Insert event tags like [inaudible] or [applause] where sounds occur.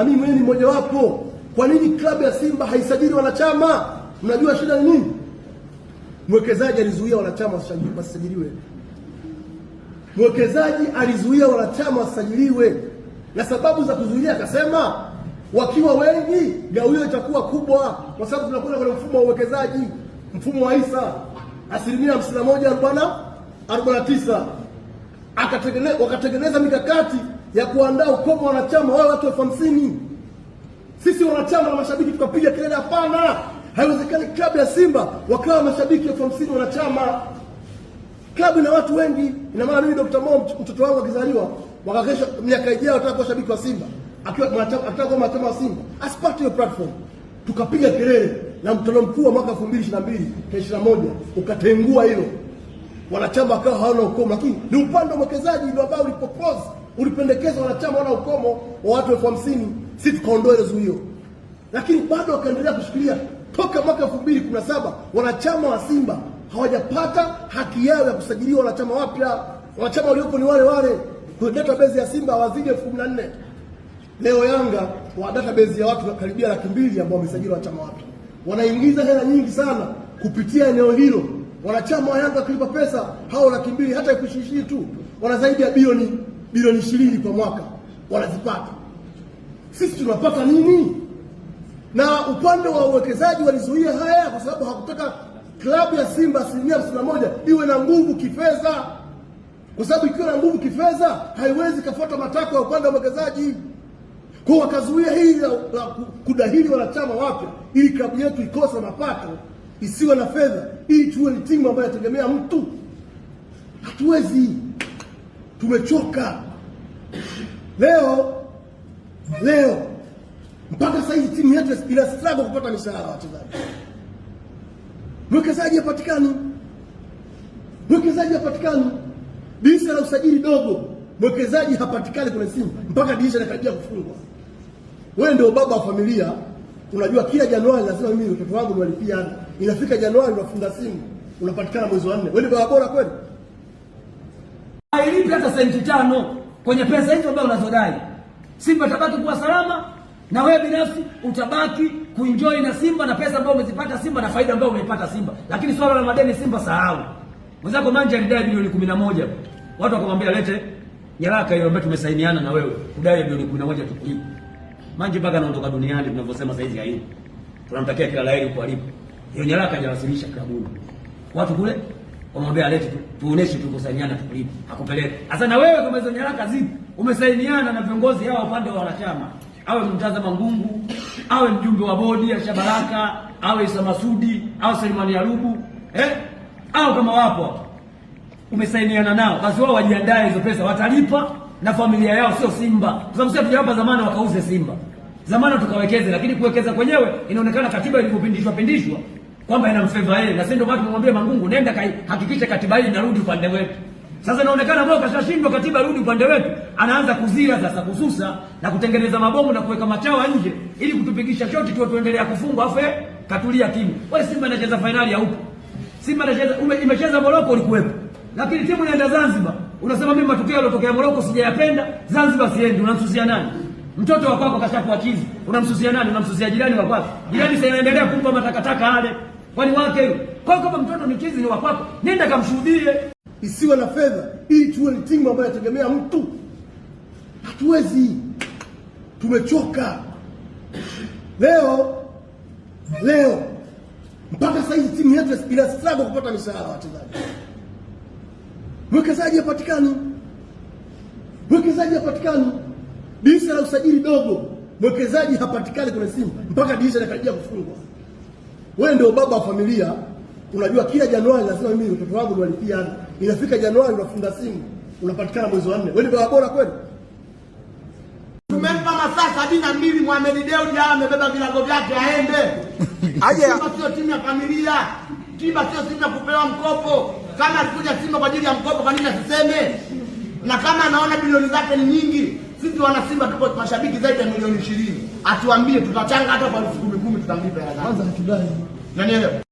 na mimi mwenyewe ni mmojawapo. Kwa nini klabu ya Simba haisajili wanachama? Mnajua shida ni nini? Mwekezaji alizuia wanachama wasisajiliwe, mwekezaji alizuia wanachama wasisajiliwe, na sababu za kuzuia akasema wakiwa wengi gawio itakuwa kubwa, kwa sababu tunakwenda kwenye mfumo wa uwekezaji, mfumo wa hisa asilimia hamsini na moja arobaini na tisa akatengeneza wakatengeneza mikakati ya kuandaa ukomo wa wanachama wao watu elfu hamsini. Sisi wanachama na mashabiki tukapiga kelele, hapana, haiwezekani klabu ya Simba wakawa mashabiki elfu hamsini wanachama. Klabu ina watu wengi, ina maana mimi Dr. Mo mtoto wangu akizaliwa wakakesha kesho, miaka ijayo kuwa shabiki wa Simba, akiwa akitaka kuwa mwanachama wa Simba, asipate hiyo platform. Tukapiga kelele na mtolo mkuu wa mwaka 2022 21 ukatengua hilo wanachama wakawa hawana ukomo, lakini ni upande wa mwekezaji ndio ambao ulipropose, ulipendekeza wanachama wana ukomo wa watu elfu hamsini si tukaondoa ile zuio, lakini bado wakaendelea kushikilia toka mwaka elfu mbili kumi na saba wanachama wa Simba hawajapata haki yao ya kusajiliwa wanachama wapya. Wanachama waliopo ni wale wale kwenye database ya Simba hawazidi elfu kumi na nne. Leo Yanga wa database ya watu karibia laki mbili ambao wamesajili wanachama wapya, wanaingiza hela nyingi sana kupitia eneo hilo. Wanachama wa Yanga kulipa pesa hao laki mbili hata elfu ishirini tu, wana zaidi ya bilioni bilioni ishirini kwa mwaka wanazipata. Sisi tunapata nini? Na upande wa uwekezaji walizuia haya kwa sababu hakutaka klabu ya Simba asilimia hamsini na moja iwe na nguvu kifedha, kwa sababu ikiwa na nguvu kifedha haiwezi kafuata matakwa ya upande wa uwekezaji kwa wakazuia hili la kudahili wanachama wapya ili klabu yetu ikose mapato isiwe na fedha, ili tuwe ni timu ambayo inategemea mtu. Hatuwezi, tumechoka. Leo leo mpaka sasa hizi timu yetu ina struggle kupata mishahara wachezaji, mwekezaji hapatikani, mwekezaji hapatikani, dirisha la usajili dogo, mwekezaji hapatikani kwenye simu mpaka dirisha linakaribia kufungwa. Wewe ndio baba wa familia. Unajua kila Januari lazima mimi mtoto wangu niwalipia ada. Inafika Januari unafunga simu, unapatikana mwezi wa nne. Wewe ni baba bora kweli? Hailipi hata senti tano kwenye pesa hizo ambazo unazodai. Simba tabaki kuwa salama na wewe binafsi utabaki kuenjoy na Simba na pesa ambayo umezipata Simba na faida ambayo umeipata Simba. Lakini swala la madeni Simba sahau. Mwenzako Manje alidai bilioni 11. Watu wakamwambia lete nyaraka hiyo ambayo tumesainiana na wewe. Udai bilioni 11 tukulipe. Manji mpaka anaondoka duniani tunavyosema saizi hayupo. Tunamtakia kila laheri heri huko alipo. Hiyo nyaraka inawasilisha klabuni. Watu kule wamwambia alete tu, tuoneshe tukosainiana tukulipe. Hakupeleka. Sasa na wewe kama hizo nyaraka zipo, umesainiana na viongozi hao upande wa wanachama. Awe Mtazama Ngungu, awe mjumbe wa bodi ya Shabaraka, awe Isa Masudi, awe Selemani Yarubu, eh? Au kama wapo hapo. umesainiana nao, basi wao wajiandae hizo pesa watalipa na familia yao, sio Simba, kwa sababu sisi tujawapa zamani wakauze Simba. Zamani tukawekeze, lakini kuwekeza kwenyewe inaonekana katiba ilivyopindishwa pindishwa kwamba ina inamfeva yeye, na sisi ndio maana tumwambia Mangungu, nenda hakikisha katiba hii inarudi upande wetu. Sasa inaonekana mbona kashashindwa katiba rudi upande wetu, anaanza kuzira sasa, kususa na kutengeneza mabomu na kuweka machawa nje ili kutupigisha shoti tu tuendelea kufungwa, afu eh, katulia timu. Wewe Simba inacheza fainali upo? Simba inacheza imecheza Moroko ulikuwepo. Lakini timu inaenda Zanzibar. Unasema mimi matukio yalotokea Moroko sijayapenda, Zanzibar siendi, unamsusia nani? Mtoto wa kwako kashakuachizi, unamsusia nani? Unamsusia jirani wa kwako. Jirani sasa anaendelea kumpa matakataka yale, kwani wake yule. Kwa hiyo kama mtoto ni kizi ni wa kwako, nenda kamshuhudie. Isiwe na fedha ili tuwe ni timu ambayo inategemea mtu. Hatuwezi, tumechoka leo leo. Mpaka sasa hizi timu yetu ina struggle kupata mishahara wachezaji, mwekezaji hapatikani, mwekezaji hapatikani dirisha la usajili dogo, mwekezaji hapatikani kwenye simu mpaka dirisha linakaribia kufungwa. Wewe ndio baba wa familia, unajua kila Januari lazima mimi mtoto wangu niwalipie ada. Inafika Januari unafunga simu, unapatikana mwezi wa nne. Wewe ni baba bora kweli? Tumempa masaa sabini na mbili Mohamed amebeba vilago vyake aende. [laughs] Aje. Simba sio timu ya familia. Simba sio timu ya kupewa mkopo. Kama alikuja Simba kwa ajili ya mkopo, kwa nini asiseme? Na kama anaona bilioni zake ni nyingi, sisi wana Simba tupo mashabiki zaidi ya milioni ishirini, atuambie tutachanga hata kwa elfu kumi kumi, tutamlipa hela kwanza, hatudai nanielewa